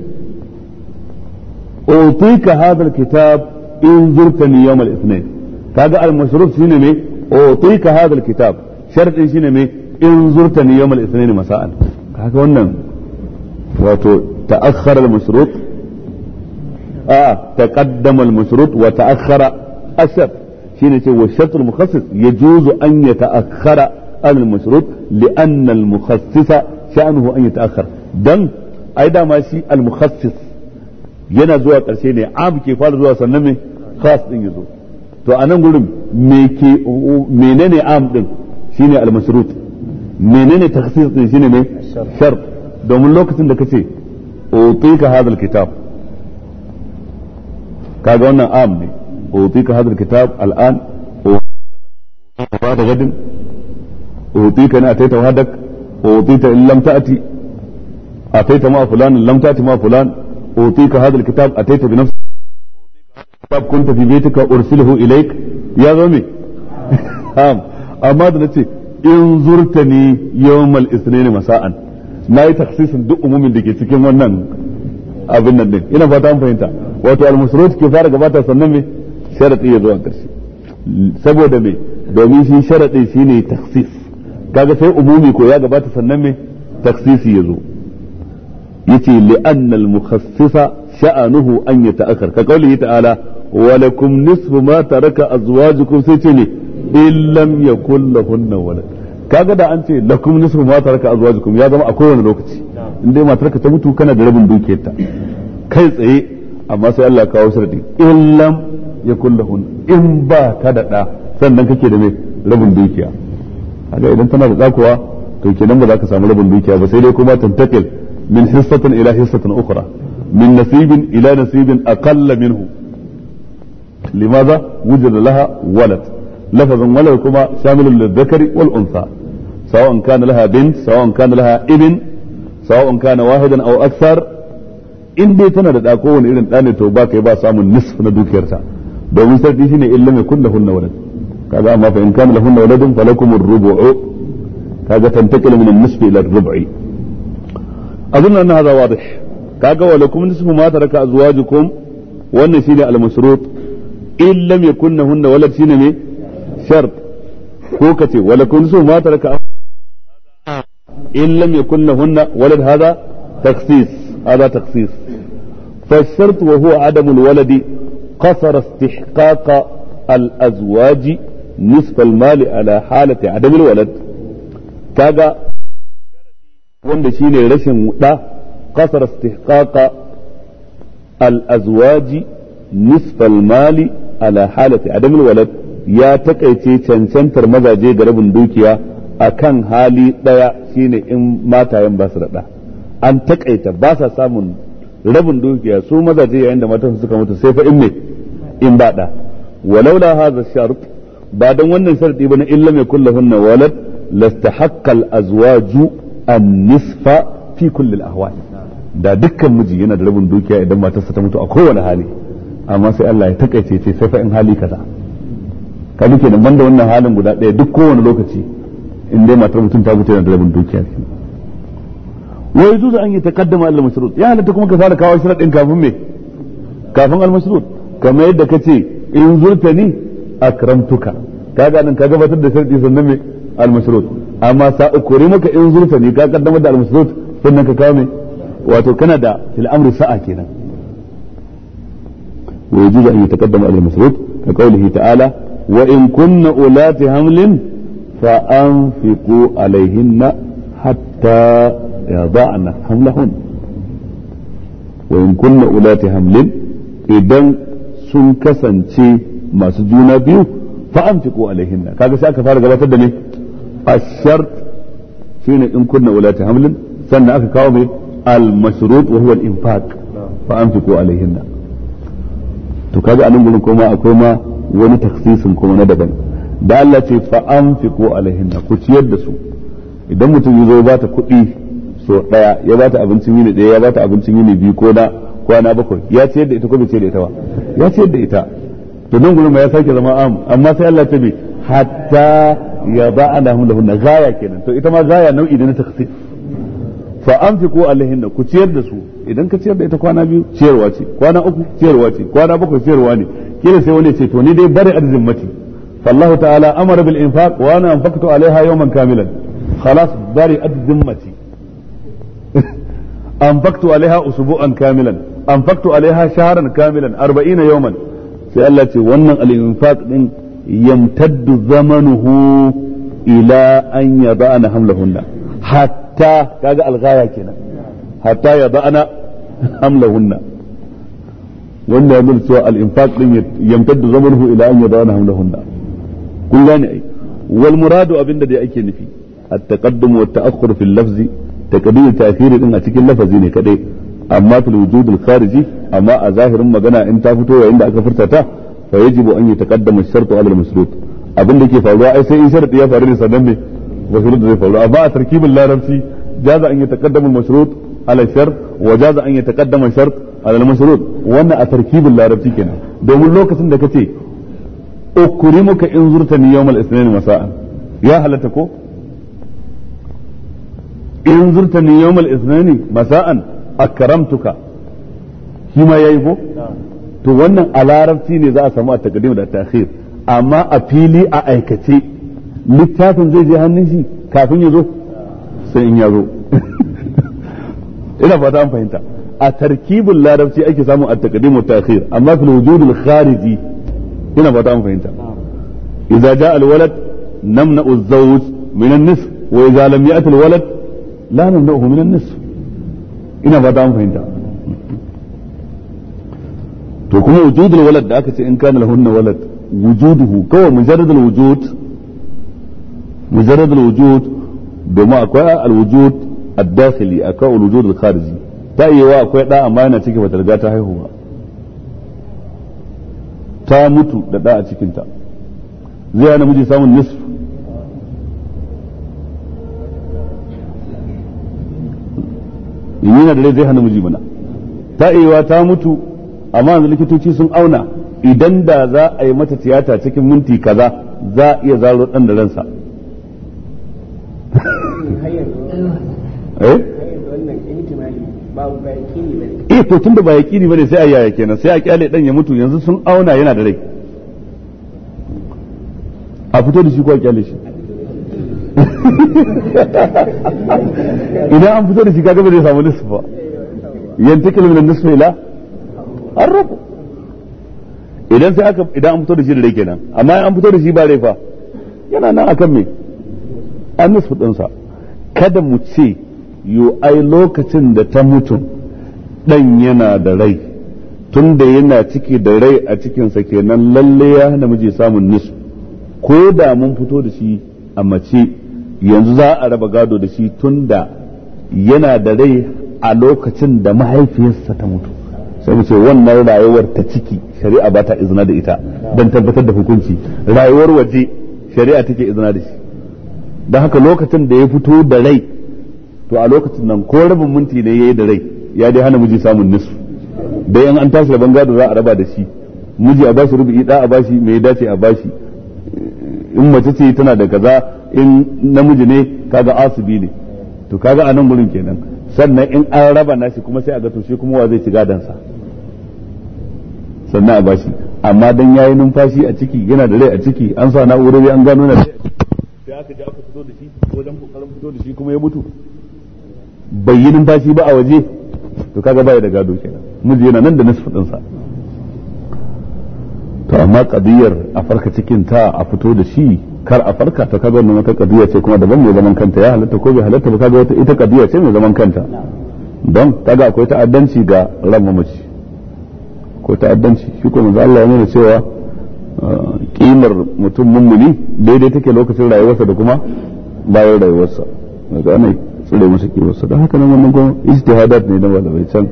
utika hadha al-kitab in zurtani yawm al-ithnain kaga al-mashrut shine ne utika hadha al-kitab shartin shine ne in zurtani yawm al-ithnain masa'an kaga wannan wato ta'akhkhara al-mashrut آه تقدم المشروط وتأخر الشرط shine ce wa shartul mukhassis yajuzu an yata'akhkhara an al-mashrut li'an al-mukhassisa sha'nuhu an yata'akhkhar dan ai dama shi al-mukhassis yana zuwa karshe ne am ke fara zuwa sannan me khas din yazo to a nan gurin me ke menene am din shine al menene takhsis din shine ne shart domin lokacin da kace utika hadha kitab wannan am ne أوتيك هذا الكتاب الآن أوتيك بعد غد أوتيك إن أتيت وحدك أوتيت إن لم تأتي أتيت مع فلان إن لم تأتي مع فلان أوتيك هذا الكتاب أتيت بنفسك الكتاب كنت في بيتك أرسله إليك يا غمي هام أما نتي إن زرتني يوم الاثنين مساء na yi taksisin duk umumin da ke cikin wannan abin nan din ina fata an fahimta wato al-musrut ke fara gabata sannan me sharadi ya zuwa ƙarshe saboda me domin shi sharadi shine taksis kaga sai umumi ko ya gabata sannan me taksisi ya zo yace li'anna al-mukhassisa sha'anuhu an yata'akhkhar ka ya ta'ala wa lakum nisfu ma taraka azwajukum sai ce ne in lam yakul lahunna walad kaga da an ce lakum nisfu ma taraka azwajukum ya zama a kowane lokaci indai matar matarka ta mutu kana da rabin dukiyarta kai tsaye amma sai Allah kawo sharadi in lam yakun lahun in ba ka da da sannan kake da mai rabin dukiya haka idan tana da tsakuwa to kenan ba za ka samu rabin dukiya ba sai dai kuma tantakil min hissatin ila hissatin ukura min nasibin ila nasibin aqalla minhu limaza wujida laha walad lafazin walad kuma shamilul lidhakari wal unsa laha bin sawa an سواء laha لها sawa an كان واحدا او اكثر in dai tana da ɗa kowane irin ɗa ne to ba kai ba samun nisf na dukiyarta domin sarki shine illam yakun lahunna walad kaga amma fa in kana lahunna waladun falakum ar-rubu' kaga tantakilu min an-nisfi ila ar-rub'i أظن أن هذا واضح كاكا ولكم نصف ما ترك أزواجكم وأن شيء المشروط إن لم يكن هن ولد شيء شرط كوكتي ولكم نصف ما ترك إن لم يكن هن ولد هذا تخصيص هذا تخصيص فالشرط وهو عدم الولد قصر استحقاق الأزواج نصف المال على حالة عدم الولد كذا wanda shine rashin wuɗa kasar istihqaqa al-azwaji nisfal mali ala halati adam walad ya takaice cancantar mazaje ga rabin dukiya akan hali daya shine in matayen ba su raɗa an takaita ba sa samun rabin dukiya su mazaje yayin da matan suka mutu sai fa in ne. in ba da walaula hadha shart ba dan wannan sharadi ba illa mai kullahunna walad lastahaqqal azwaju an-nisfa fi kulli al-ahwal da dukkan miji yana da rabin dukiya idan matarsa ta mutu a kowane hali amma sai Allah ya takaice ce sai fa in hali kaza ka duke nan banda wannan halin guda ɗaya duk kowane lokaci in dai matar mutum ta mutu yana da rabin dukiya wa yajuzu an yataqaddama al-mashrut ya halatta kuma ka fara kawo sharadin kafin me kafin al-mashrut kamar yadda ka ce in zurtani ka ga nan ka gabatar da sharadi sannan me almashrut amma sa ukuri maka in zurtani ka kaddamar da almashrut sannan ka kawo wato kana da fil sa'a kenan wa yajibu an yataqaddama al-masrut ka qawlihi ta'ala wa in kunna ulati hamlin fa anfiqu alayhinna hatta yada'na hamlahun wa in kunna ulati hamlin idan sun kasance masu juna biyu fa anfiqu alaihinna kaga sai aka fara gabatar da me ashart shine in kunna ulati hamlin sannan aka kawo mai al mashrut wa huwa al infaq fa anfiqu alaihinna to kaga anan gurin kuma akwai ma wani taksisin kuma na daban da Allah ce fa anfiqu alaihinna ku ciyar da su idan mutum ya zo ba kuɗi so ɗaya ya ba abincin yini ɗaya ya ba abincin yini biyu ko da kwana bakwai ya ciyar da ita ko bai ciyar da ita ba ya ciyar da ita to nan gurin ya sake zama am amma sai Allah ta bi hatta ya ba ana lahum lahun gaya kenan to ita ma gaya nau'i da na takhsis fa anfiqu alaihinna ku ciyar da su idan ka ciyar da ita kwana biyu ciyarwa ce kwana uku ciyarwa ce kwana bakwai ciyarwa ne kila sai wani ce to ni dai bari arzimmati فالله تعالى أمر بالإنفاق وأنا أنفقت عليها يوما كاملا خلاص برئت ذمتي أنفقت عليها أسبوعا كاملا anfaqtu alaiha shahran kamilan 40 yawman sai Allah ce wannan al-infaq din yamtaddu zamanuhu ila an yaba'ana hamlahunna hatta kaga al-ghaya kenan hatta yaba'ana hamlahunna wanda ya cewa al-infaq din yamtaddu zamanuhu ila an yaba'ana hamlahunna kun gane ai wal muradu abinda dai ake nufi at-taqaddum wa at-ta'akhkhur fil lafzi taqdim ta'khir din a cikin lafazi ne kadai amma fil wujud al khariji amma a zahirin magana in ta fito yayin da aka furta ta fa yajibu an yataqaddama ash-shartu ala al-masrut abin da ke faruwa ai sai in sharadi ya faru ne sannan ne da zai faru amma a tarkibin larabci jaza an yataqaddama al-masrut ala shart wa jaza an yataqaddama shart ala al-masrut wannan a tarkibin larabci kenan domin lokacin da kace ukrimuka in zurtani yawmal ithnain masa'an ya halatta ko in zurtani yawmal ithnain masa'an Akaramtuka shi ma yayi ko to wannan a larabci ne za a samu a takaddim da ta'khir amma a fili a aikace littafin zai je hannun shi kafin ya zo sai in ya zo (laughs) ina fata an fahimta a tarkibin larabci ake samun a takaddim wa ta'khir amma fil wujudul khariji ina fata an fahimta idza jaa al walad namna az-zawj min an-nisf wa idza lam ya'ti al walad la namna'uhu min an-nisf ina ba ta fahimta to kuma wujudul walad da aka ce in kana lahunna walad wujuduhu kawai mujarradul wujud mujarradul wujud domin akwai alwujud ad-dakhili akwai alwujud al-khariji ta iya wa akwai da amma yana cike bata riga ta haihuwa ta mutu da da a cikinta zai ya namiji samun nisfu in yana da rai zai hana miji mana ta iya ta mutu amma yanzu likitoci sun auna idan da za a yi mata tiyata cikin minti kaza za a iya zaro dan da ransa eh eh to tun da ba yaƙini bane sai a yaya kenan sai a kyale dan ya mutu yanzu sun auna yana da rai a fito da shi ko a kyale shi (laughs) idan an fito da shi kaga bai samu nisfi ba yantakil min nisfi ila arrafu idan sai aka idan an fito da shi da rai kenan amma an fito da shi ba rai fa yana nan akan me an nisfi sa. kada mu ce yo ai lokacin da ta mutu dan yana da rai tun da yana ciki da rai a cikinsa kenan lalle ya hana samun nisfi ko da mun fito da shi a mace yanzu za a raba gado da shi tun da yana da rai a lokacin da mahaifiyarsa ta mutu sai mu ce wannan rayuwar ta ciki shari'a ba ta izina da ita don tabbatar da hukunci rayuwar waje shari'a take izina da shi don haka lokacin da ya fito da rai to a lokacin nan ko rabin minti ne ya yi da rai ya dai hana miji samun nisu da yan an tashi rabon gado za a raba da shi miji a shi rubu'i da a bashi mai dace a bashi in mace ce tana da kaza in namiji ne kaga asibi ne to kaga anan gurin kenan sannan in an raba nashi kuma sai a ga to shi kuma wa zai ci sa sannan a bashi amma dan yayi numfashi a ciki yana da rai a ciki an sa na'urori an gano na sai aka ji aka fito da shi wajen kokarin fito da shi kuma ya mutu bai yi numfashi ba a waje to kaga bai da gado kenan miji yana nan da fadin sa to amma kadiyar a farka cikin ta a fito da shi kar a farka ta kaga wannan wata kadiya ce kuma daban mai zaman kanta ya halatta ko bai halatta ba kaga wata ita kadiya ce mai zaman kanta don kaga akwai ta'addanci ga ran mamaci ko ta'addanci shi ko manzo Allah ya nuna cewa uh, kimar mutum mummuni daidai take lokacin rayuwarsa da kuma bayan rayuwarsa daga ana tsire masa kimarsa don haka nan wannan kuma ijtihadat ne na malamai can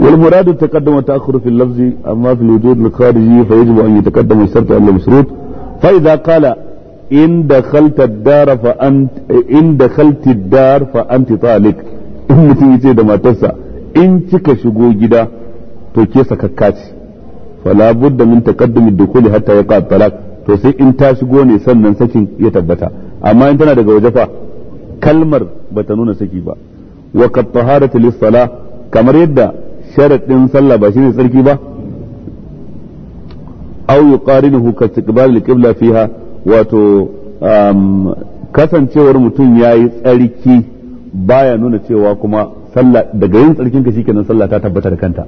والمراد التقدم والتأخر في اللفظ أما في الوجود الخارجي فيجب أن يتقدم الشرط على المشروط فإذا قال inda دخلت الدار فأنت إن in mutum yace da matarsa in cika shigo gida to ke sakakka ce fala ta min taqaddumi dukhuli hatta yaqa talaq to sai in ta shigo ne sannan sakin ya tabbata amma in tana daga waje fa kalmar bata nuna saki ba wa qad taharatu lis kamar yadda sharadin sallah ba shine tsarki ba aw yuqarinuhu ka istiqbal al-qibla fiha wato kasancewar mutum yayi tsarki baya nuna cewa kuma sallah daga yin tsarkin ka shikenan sallah ta tabbata da kanta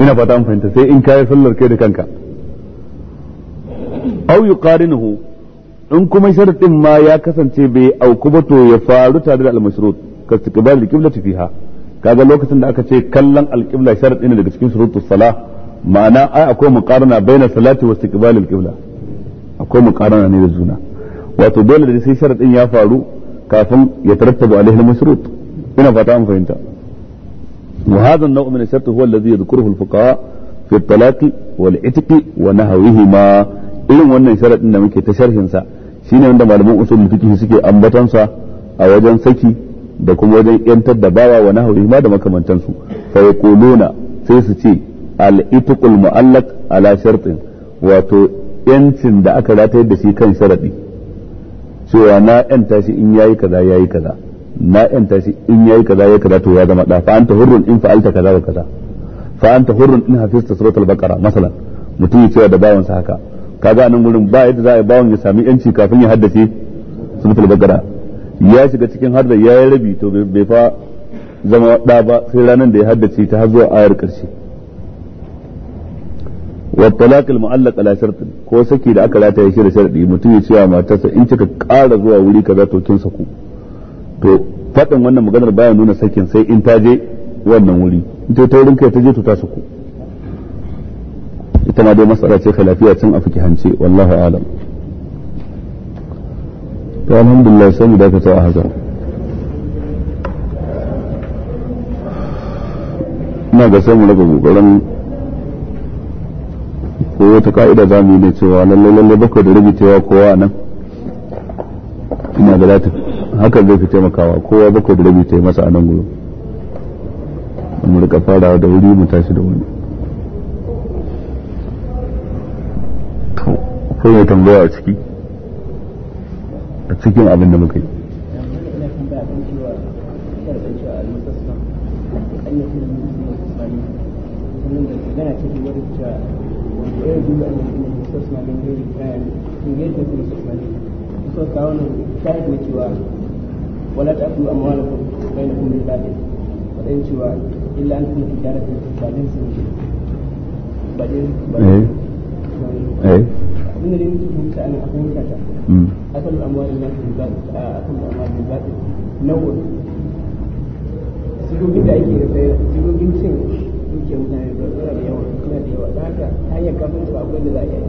ina fata mun fahimta sai in kai sallar kai da kanka aw yuqarinuhu in kuma sharadin ma ya kasance bai auku ba to ya faru tare da al-mashrut ka istiqbal al-qibla fiha kaga lokacin da aka ce kallon al-qibla sharadi ne daga cikin shurutus salah ma'ana ai akwai muqarana baina salati wa istiqbal al-qibla akwai muqarana ne da juna wato dole da sai sharadin ya faru kafin ya tarattabu alaihi al-mashrut ina fata an fahimta wa hadha an-naw' min ash-shart huwa alladhi yadhkuruhu al-fuqaha fi at-talaqi wal wa nahwihima irin wannan sharadin da muke ta sharhin sa shine wanda malaman usul fiqh suke ambatan sa a wajen saki da kuma wajen yantar da bawa wa nahwihima da makamantansu fa yaquluna sai su ce al-itqul mu'allaq ala shartin wato yancin da aka ratayar da shi kan sharadi cewa na yanta shi in yayi kaza yayi kaza na yanta shi in yayi kaza yayi kaza to ya zama da fa anta hurrun in fa'alta kaza kaza fa anta hurrun in hafizta suratul baqara masalan mutum ya cewa da bawansa haka kaga nan gurin ba yadda za a yi bawan ya sami yanci kafin ya haddace suratul baqara ya shiga cikin hadda ya yi rabi to bai fa zama da ba sai ranar da ya haddace ta har zuwa ayar karshe wa talaq al mu'allaq ala saki da aka rataye shi da sharadi mutum ya ce wa in cika kara zuwa wuri kaza to kin saku to faɗin wannan maganar baya nuna sakin sai in ta je wannan wuri ita ta wurin kai ta je to ta saku ita ma dai masara ce khilafiya can a fikihance wallahu alam mu dakata a haka ina ga mu raba ko wata ka'ida za mu yi ne cewa lalle lalle bakwai da rabi cewa kowa nan ina da latin haka zai fi taimakawa kowa bakwai da rabi ta yi masa a nan gudu mu rika fara da wuri mu tashi da wani ko mai tambaya a ciki a cikin abin da muka yi Thank you. ويجوز أن يستثنى من غير من غير تكون استثنائية وصوت تعاون شاهد نتوى ولا تأكلوا أموالكم بينكم بالباطل وإن سوى إلا أن تكون تجارة بعدين سنة بعدين بعدين أي من اللي نتفهم أنا أقول كذا أكل الأموال الناس بالباطل أكل الأموال بالباطل نوع سيرو بدا يجي سيرو بنتين zuciyar mutane ba suna da yawa suna da yawa da haka hanyar kafin ba akwai da za yi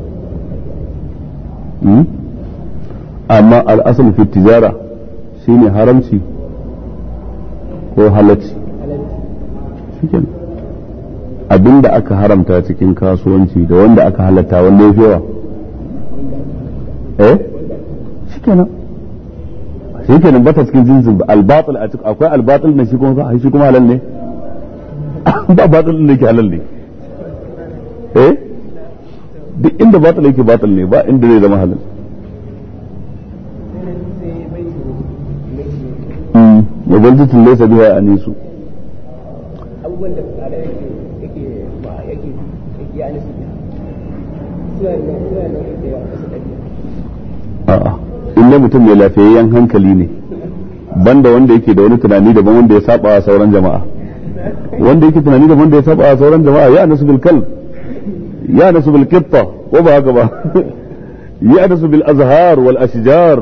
hmm? amma al'asal fi tijara shine haramci ko halacci shikenan abin da aka haramta cikin kasuwanci da wanda aka halatta wanda ya fi yawa eh shikenan shikenan bata cikin jinsin albatul a cikin akwai albatul na shi kuma shi kuma halal ne (laughs) ba batil ne ke halal ne eh duk inda batil yake batil ne ba inda zai zama halal wa hmm. zaljatin laysa biha anisu abubuwan da tsada yake yake ba yake yake ya nisu a'a in mutum mai lafiyayyen hankali ne banda wanda yake da wani tunani daban wanda ya saba sauran jama'a wanda yake tunani da wanda ya saba sauran jama'a ya nasu bil kal ya nasu bil qitta ko ba haka ba (laughs) ya nasu bil azhar wal ashjar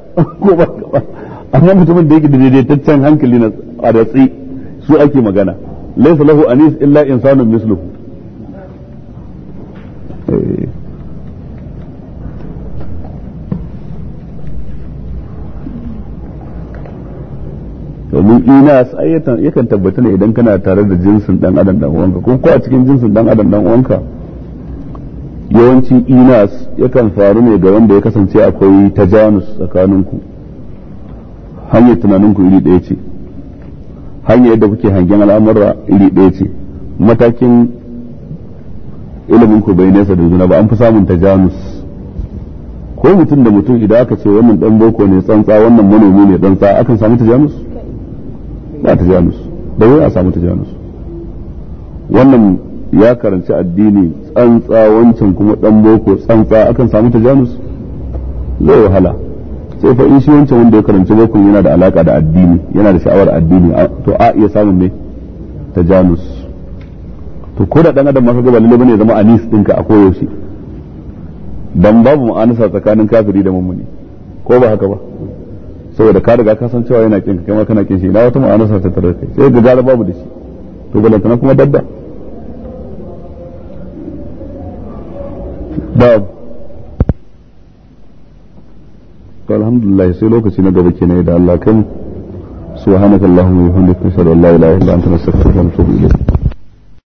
(laughs) ko ba haka ba amma mutumin da yake da daidaitaccen hankali na adatsi datsi su ake magana laysa lahu anis illa insanun misluhu eh. domin inas ai yakan tabbata ne idan kana tare da jinsin dan adam dan uwanka kuma ko a cikin jinsin dan adam dan uwanka yawanci inas yakan faru ne ga wanda ya kasance akwai tajanus tsakaninku hanyar tunaninku iri ɗaya ce hanyar yadda kuke hangen al'amura iri ɗaya ce matakin ilimin ku bai nesa da juna ba an fi samun tajanus ko mutum da mutum idan aka ce wannan dan boko ne tsantsa wannan manomi ne tsantsa akan samu tajanus ba ta janus da wai a samu ta janus wannan ya karanci addini tsantsa wancan kuma dan boko tsantsa akan samu ta janus zai wahala sai fa in shi wancan wanda ya karanci boko yana da alaka da addini yana da sha'awar addini to a iya samun ne ta janus to ko da dan adam ma ka ga lalle bane ya zama anis dinka a koyaushe dan babu mu'anasa tsakanin kafiri da mummuni ko ba haka ba saboda ka riga ka san cewa yana kin kai ma kana kin shi ina wata ma'ana sa ta tare kai sai ga gara babu da shi to balantana kuma dabba bab to alhamdulillah sai lokaci na gaba kenan da Allah kai subhanakallahumma wa bihamdika ashhadu an la ilaha illa anta astaghfiruka wa atubu ilayk